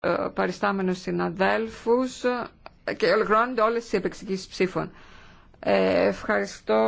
Ε, παριστάμενους συναδέλφους ε, και ολοκληρώνονται όλες οι επεξηγήσεις ψήφων. Ε, ευχαριστώ.